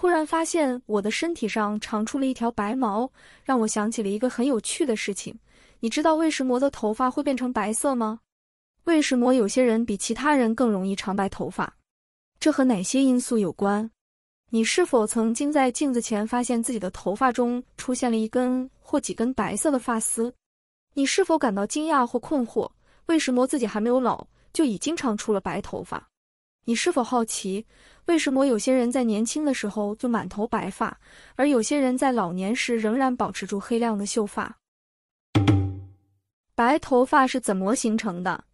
突然發現我的身體上長出了一條白毛，讓我想起了一個很有趣的事情。你知道為什麼我的頭髮會變成白色嗎？為什麼有些人比其他人更容易長白頭髮？這和哪些因素有關？你是否曾經在鏡子前發現自己的頭髮中出現了一根或幾根白色的髮絲？你是否感到驚訝或困惑？為什麼自己還沒有老，就已經長出了白頭髮？你是否好奇，為什麼有些人在年輕的時候就滿頭白髮，而有些人在老年時仍然保持住黑亮的秀髮？白頭髮是怎麼形成的？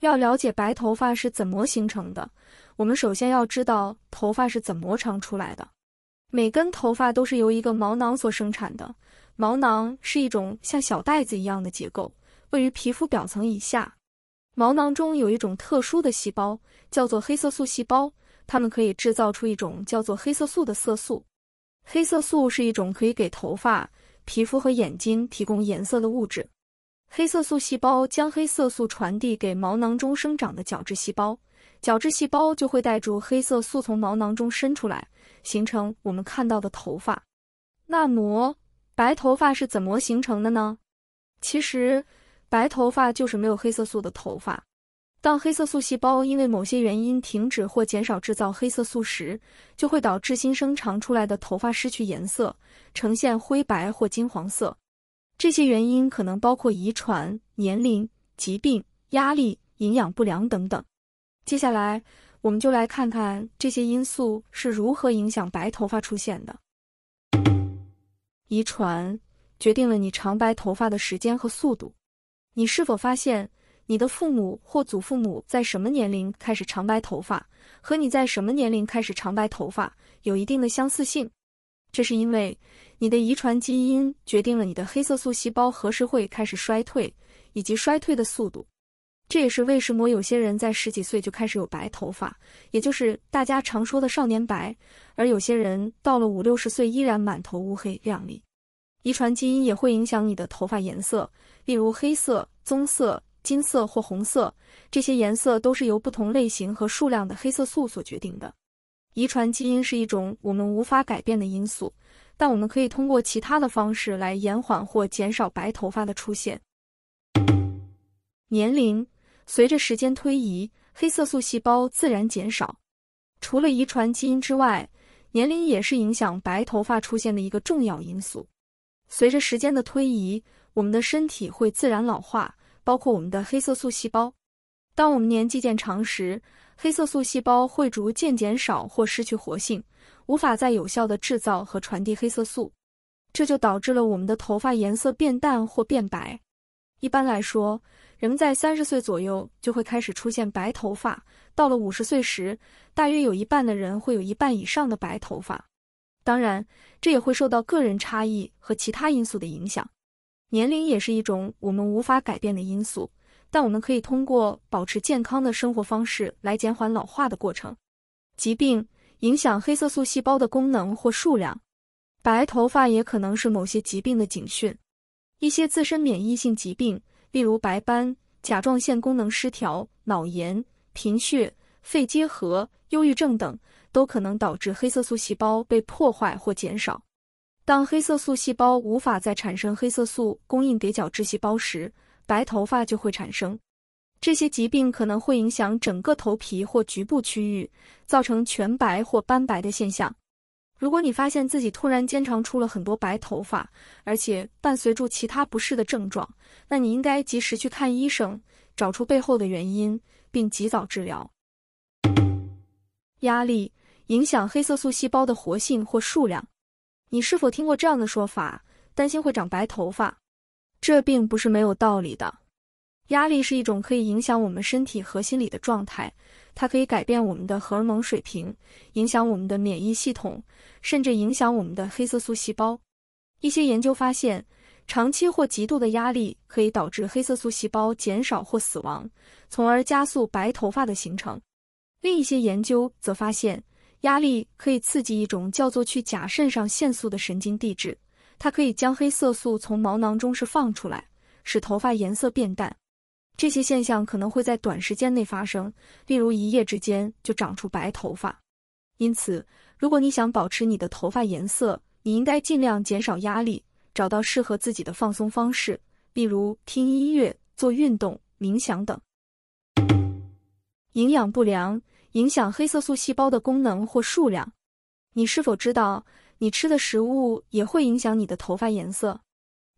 要了解白頭髮是怎麼形成的，我們首先要知道頭髮是怎麼長出來的。每根頭髮都是由一個毛囊所生產的，毛囊是一種像小袋子一樣的結構，位於皮膚表層以下。毛囊中有一種特殊的細胞，叫做黑色素細胞，它們可以制造出一種叫做黑色素的色素。黑色素是一種可以給頭髮、皮膚和眼睛提供顏色的物質。黑色素細胞將黑色素傳遞給毛囊中生長的角質細胞，角質細胞就會帶着黑色素從毛囊中伸出來，形成我們看到的頭髮。那麼，白頭髮是怎麼形成的呢？其實，白頭髮就是沒有黑色素的頭髮。當黑色素細胞因為某些原因停止或減少制造黑色素時，就會導致新生長出來的頭髮失去顏色，呈現灰白或金黃色。這些原因可能包括遺傳、年齡、疾病、壓力、營養不良等等。接下來，我們就來看看這些因素是如何影響白頭髮出現的。遺傳決定了你長白頭髮的時間和速度。你是否發現，你的父母或祖父母在什麼年齡開始長白頭髮，和你在什麼年齡開始長白頭髮有一定的相似性？這是因為你的遺傳基因決定了你的黑色素細胞何時會開始衰退，以及衰退的速度。這也是為什麼有些人在十幾歲就開始有白頭髮，也就是大家常說的少年白，而有些人到了五六十歲依然滿頭烏黑亮麗。遺傳基因也會影響你的頭髮顏色，例如黑色、棕色、金色或紅色，這些顏色都是由不同類型和數量的黑色素所決定的。遺傳基因是一種我們無法改變的因素，但我們可以通過其他的方式來延緩或減少白頭髮的出現。年齡，隨着時間推移，黑色素細胞自然減少。除了遺傳基因之外，年齡也是影響白頭髮出現的一個重要因素。隨着時間的推移，我們的身體會自然老化，包括我們的黑色素細胞。當我們年紀漸長時，黑色素細胞會逐漸減少或失去活性，無法再有效地製造和傳遞黑色素。這就導致了我們的頭髮顏色變淡或變白。一般來說，人們在三十歲左右就會開始出現白頭髮，到了五十歲時，大約有一半的人會有一半以上的白頭髮。當然，這也會受到個人差異和其他因素的影響。年齡也是一種我們無法改變的因素，但我們可以通過保持健康的生活方式來減緩老化的過程。疾病影響黑色素細胞的功能或數量。白頭髮也可能是某些疾病的警訊。一些自身免疫性疾病，例如白斑、甲狀腺功能失調、腦炎、貧血、肺結核、憂鬱症等。都可能導致黑色素細胞被破壞或減少。當黑色素細胞無法再產生黑色素，供應給角質細胞時，白頭髮就會產生。這些疾病可能會影響整個頭皮或局部區域，造成全白或斑白的現象。如果你發現自己突然間長出了很多白頭髮，而且伴隨著其他不適的症狀，那你應該及時去看醫生，找出背後的原因，並及早治療。壓力。影響黑色素細胞的活性或數量。你是否聽過這樣的說法？擔心會長白頭髮，這並不是沒有道理的。壓力是一種可以影響我們身體和心理的狀態，它可以改變我們的荷爾蒙水平，影響我們的免疫系統，甚至影響我們的黑色素細胞。一些研究發現，長期或極度的壓力可以導致黑色素細胞減少或死亡，從而加速白頭髮的形成。另一些研究則發現，壓力可以刺激一種叫做去甲腎上腺素的神經遞質，它可以將黑色素從毛囊中釋放出來，使頭髮顏色變淡。這些現象可能會在短時間內發生，例如一夜之間就長出白頭髮。因此，如果你想保持你的頭髮顏色，你應該儘量減少壓力，找到適合自己的放鬆方式，例如聽音樂、做運動、冥想等。營養不良。影響黑色素細胞的功能或數量。你是否知道，你吃的食物也會影響你的頭髮顏色？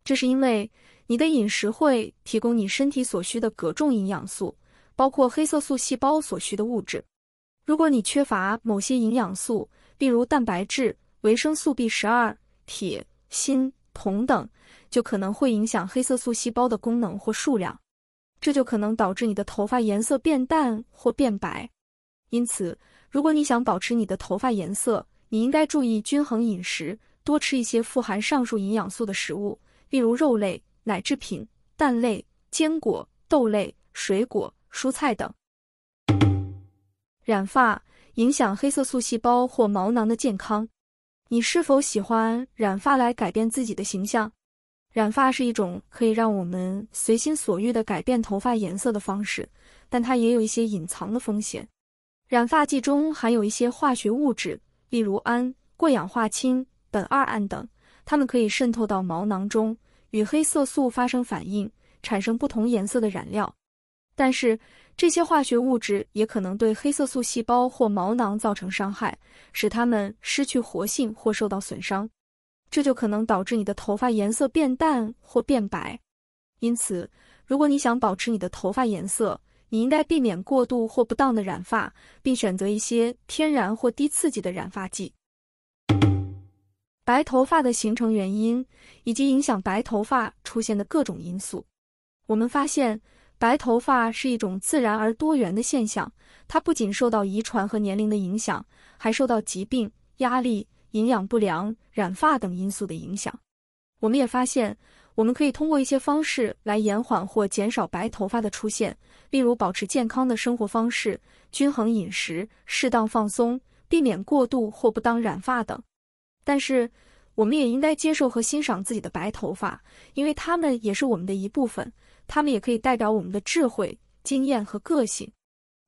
這是因為你的飲食會提供你身體所需的各種營養素，包括黑色素細胞所需的物質。如果你缺乏某些營養素，例如蛋白質、維生素 B12、鐵、鋅、銅等，就可能會影響黑色素細胞的功能或數量，這就可能導致你的頭髮顏色變淡或變白。因此，如果你想保持你的頭髮顏色，你應該注意均衡飲食，多吃一些富含上述營養素的食物，例如肉類、奶製品、蛋類、堅果、豆類、水果、蔬菜等。染髮影響黑色素細胞或毛囊的健康。你是否喜歡染髮來改變自己的形象？染髮是一種可以讓我們隨心所欲的改變頭髮顏色的方式，但它也有一些隱藏的風險。染髮劑中含有一些化學物質，例如氨、過氧化氫、苯二胺等，它們可以滲透到毛囊中，與黑色素發生反應，產生不同顏色的染料。但是，這些化學物質也可能對黑色素細胞或毛囊造成傷害，使它們失去活性或受到損傷，這就可能導致你的頭髮顏色變淡或變白。因此，如果你想保持你的頭髮顏色，你應該避免過度或不當的染髮，並選擇一些天然或低刺激的染髮劑。白頭髮的形成原因以及影響白頭髮出現的各種因素，我們發現白頭髮是一種自然而多元的現象，它不僅受到遺傳和年齡的影響，還受到疾病、壓力、營養不良、染髮等因素的影響。我們也發現，我們可以通過一些方式來延緩或減少白頭髮的出現，例如保持健康的生活方式、均衡飲食、適當放鬆、避免過度或不當染髮等。但是，我們也應該接受和欣賞自己的白頭髮，因為它們也是我們的一部分，它們也可以代表我們的智慧、經驗和個性。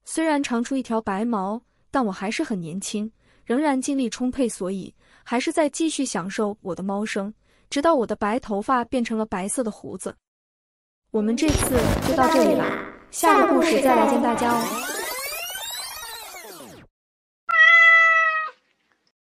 雖然長出一條白毛，但我還是很年輕，仍然精力充沛，所以還是在繼續享受我的貓生。直到我的白頭髮變成了白色的鬍子。我們這次就到這裡了，下個故事再來見大家哦。